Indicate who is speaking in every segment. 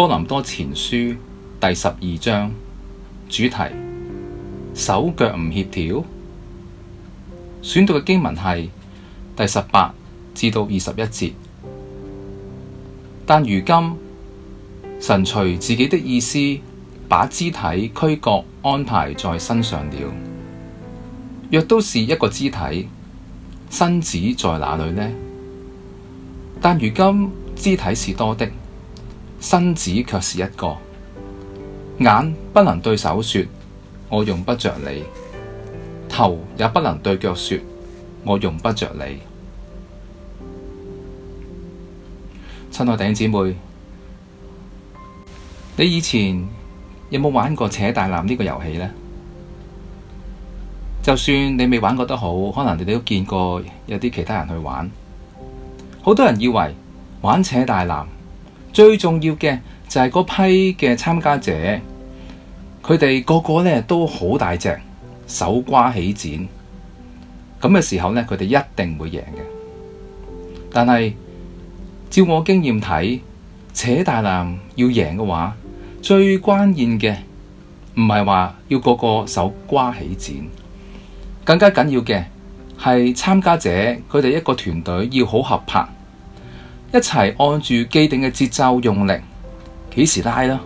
Speaker 1: 哥林多前書第十二章主題：手腳唔協調。選讀嘅經文係第十八至到二十一節。但如今神隨自己的意思把肢體俱各安排在身上了。若都是一個肢體，身子在哪裏呢？但如今肢體是多的。身子卻是一個。眼不能對手說，我用不着你頭也不能對腳說，我用不着你，親愛嘅姊妹，你以前有冇玩過扯大纜呢個遊戲呢？就算你未玩過都好，可能你都見過有啲其他人去玩。好多人以為玩扯大纜。最重要嘅就係嗰批嘅參加者，佢哋個個咧都好大隻，手瓜起剪，咁嘅時候咧，佢哋一定會贏嘅。但係照我經驗睇，扯大纜要贏嘅話，最關鍵嘅唔係話要個個手瓜起剪，更加緊要嘅係參加者佢哋一個團隊要好合拍。一齊按住既定嘅節奏用力，幾時拉啦？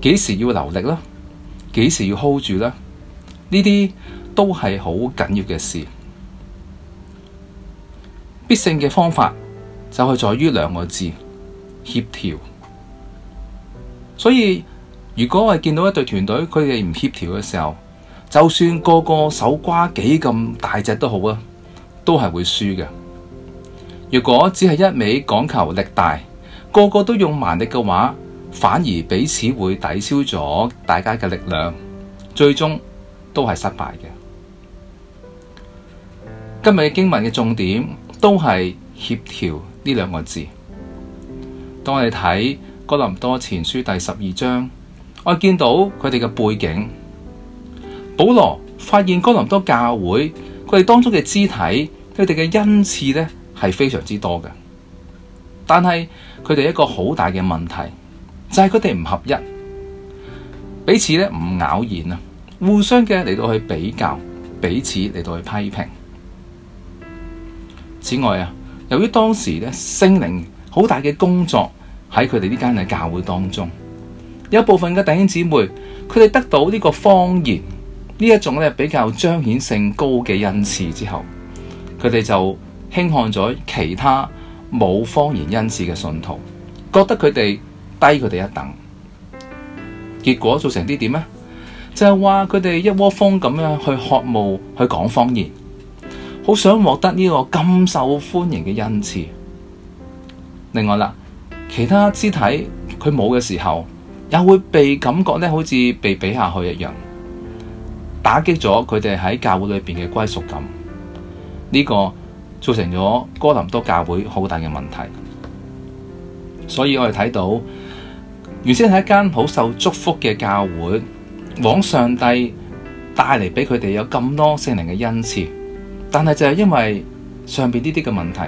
Speaker 1: 幾時要留力啦？幾時要 hold 住啦？呢啲都係好緊要嘅事。必勝嘅方法就係在於兩個字：協調。所以如果我哋見到一隊團隊，佢哋唔協調嘅時候，就算個個手瓜幾咁大隻都好啊，都係會輸嘅。如果只係一味講求力大，個個都用蠻力嘅話，反而彼此會抵消咗大家嘅力量，最終都係失敗嘅。今日嘅經文嘅重點都係協調呢兩個字。當我哋睇哥林多前書第十二章，我見到佢哋嘅背景，保羅發現哥林多教會佢哋當中嘅肢體，佢哋嘅恩賜呢。係非常之多嘅，但係佢哋一個好大嘅問題就係佢哋唔合一，彼此咧唔咬弦啊，互相嘅嚟到去比較，彼此嚟到去批評。此外啊，由於當時咧聖靈好大嘅工作喺佢哋呢間嘅教會當中，有部分嘅弟兄姊妹，佢哋得到呢個方言呢一種咧比較彰顯性高嘅恩賜之後，佢哋就。輕看咗其他冇方言恩賜嘅信徒，覺得佢哋低佢哋一等，結果做成啲點呢？就係話佢哋一窩蜂咁樣去渴慕去講方言，好想獲得呢個咁受歡迎嘅恩賜。另外啦，其他肢體佢冇嘅時候，也會被感覺呢好似被比下去一樣，打擊咗佢哋喺教會裏邊嘅歸屬感。呢個造成咗哥林多教會好大嘅問題，所以我哋睇到原先係一間好受祝福嘅教會，往上帝帶嚟俾佢哋有咁多聖靈嘅恩賜，但係就係因為上邊呢啲嘅問題，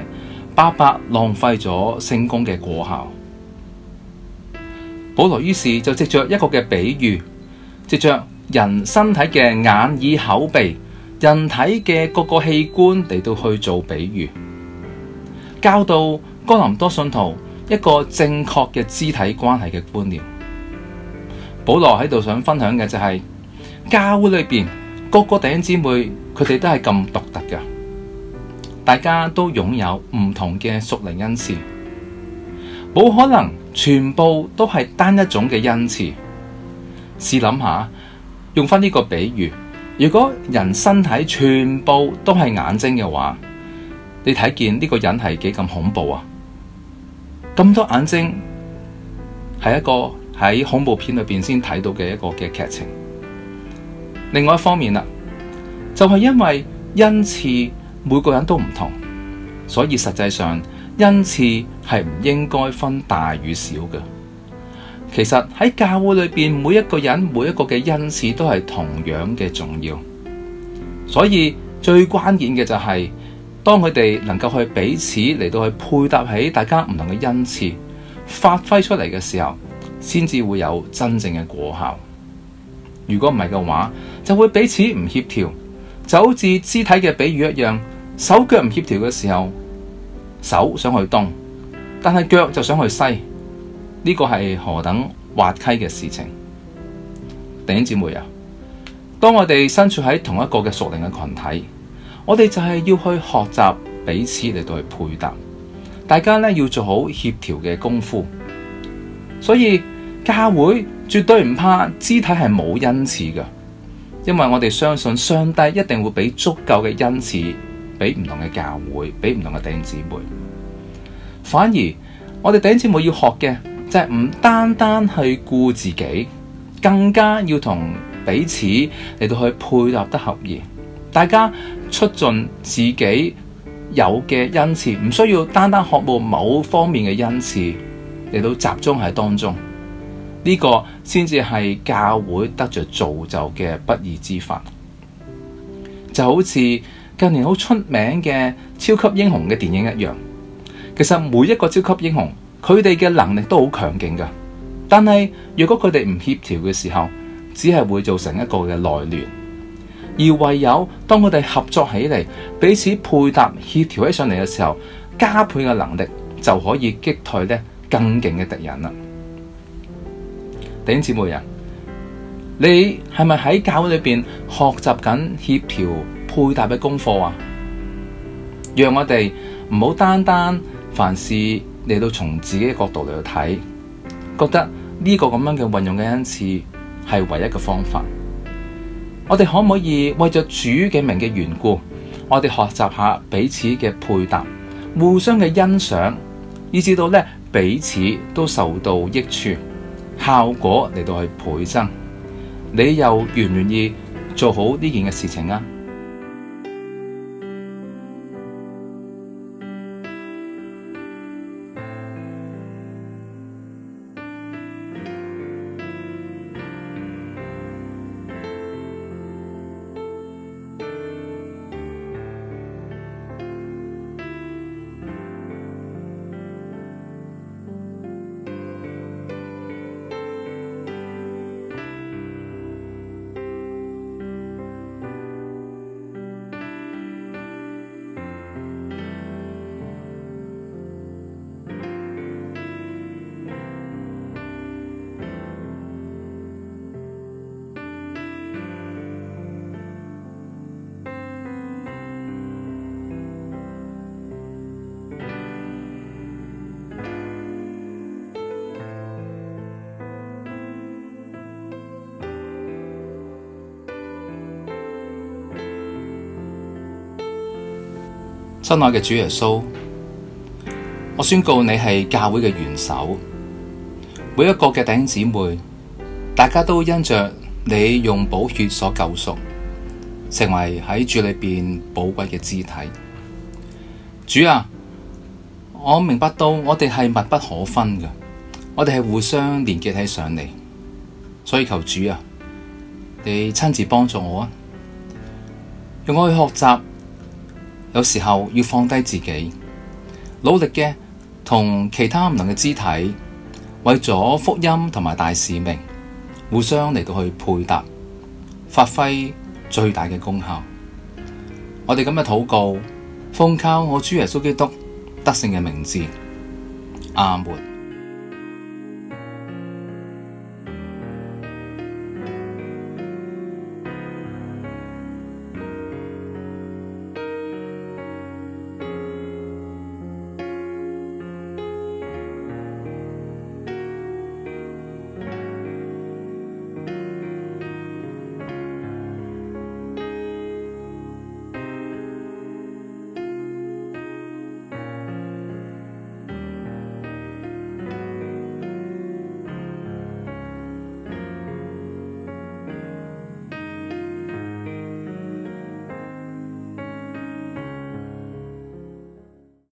Speaker 1: 白白浪費咗聖工嘅果效。保羅於是就借着一個嘅比喻，借着人身體嘅眼、耳、口、鼻。人體嘅各個器官嚟到去做比喻，教導哥林多信徒一個正確嘅肢體關係嘅觀念。保羅喺度想分享嘅就係、是、教會裏邊各個弟兄姊妹，佢哋都係咁獨特嘅，大家都擁有唔同嘅屬靈恩賜，冇可能全部都係單一種嘅恩賜。試諗下，用翻呢個比喻。如果人身體全部都係眼睛嘅話，你睇見呢個人係幾咁恐怖啊！咁多眼睛係一個喺恐怖片裏邊先睇到嘅一個嘅劇情。另外一方面啦，就係因為恩賜每個人都唔同，所以實際上恩賜係唔應該分大與小嘅。其實喺教會裏邊，每一個人每一個嘅恩賜都係同樣嘅重要，所以最關鍵嘅就係當佢哋能夠去彼此嚟到去配搭起大家唔同嘅恩賜，發揮出嚟嘅時候，先至會有真正嘅果效。如果唔係嘅話，就會彼此唔協調，就好似肢體嘅比喻一樣，手腳唔協調嘅時候，手想去東，但係腳就想去西。呢個係何等滑稽嘅事情！弟兄姊妹啊，當我哋身處喺同一個嘅屬靈嘅群體，我哋就係要去學習彼此嚟到去配搭，大家呢要做好協調嘅功夫。所以教會絕對唔怕肢體係冇恩賜噶因為我哋相信上帝一定會俾足夠嘅恩賜，俾唔同嘅教會，俾唔同嘅弟兄姊妹。反而我哋弟兄姊妹要學嘅。就唔單單去顧自己，更加要同彼此嚟到去配合得合宜，大家出盡自己有嘅恩賜，唔需要單單渴慕某方面嘅恩賜嚟到集中喺當中，呢、這個先至係教會得着造就嘅不義之法。就好似近年好出名嘅超級英雄嘅電影一樣，其實每一個超級英雄。佢哋嘅能力都好強勁㗎，但係若果佢哋唔協調嘅時候，只係會造成一個嘅內亂。而唯有當佢哋合作起嚟，彼此配搭協調起上嚟嘅時候，加倍嘅能力就可以擊退咧更勁嘅敵人啦。弟兄姊妹人啊，你係咪喺教會裏邊學習緊協調配搭嘅功課啊？讓我哋唔好單單凡事。嚟到從自己嘅角度嚟到睇，覺得呢個咁樣嘅運用嘅恩賜係唯一嘅方法。我哋可唔可以為咗主嘅名嘅緣故，我哋學習下彼此嘅配搭，互相嘅欣賞，以至到咧彼此都受到益處，效果嚟到去倍增。你又願唔願意做好件呢件嘅事情啊？親愛嘅主耶穌，我宣告你係教會嘅元首，每一個嘅弟兄姊妹，大家都因着你用寶血所救贖，成為喺主裏邊寶貴嘅肢體。主啊，我明白到我哋係密不可分嘅，我哋係互相連結喺上嚟，所以求主啊，你親自幫助我啊，用我去學習。有時候要放低自己，努力嘅，同其他唔同嘅肢體，為咗福音同埋大使命，互相嚟到去配搭，發揮最大嘅功效。我哋今日嘅禱告，奉靠我主耶穌基督得勝嘅名字，阿門。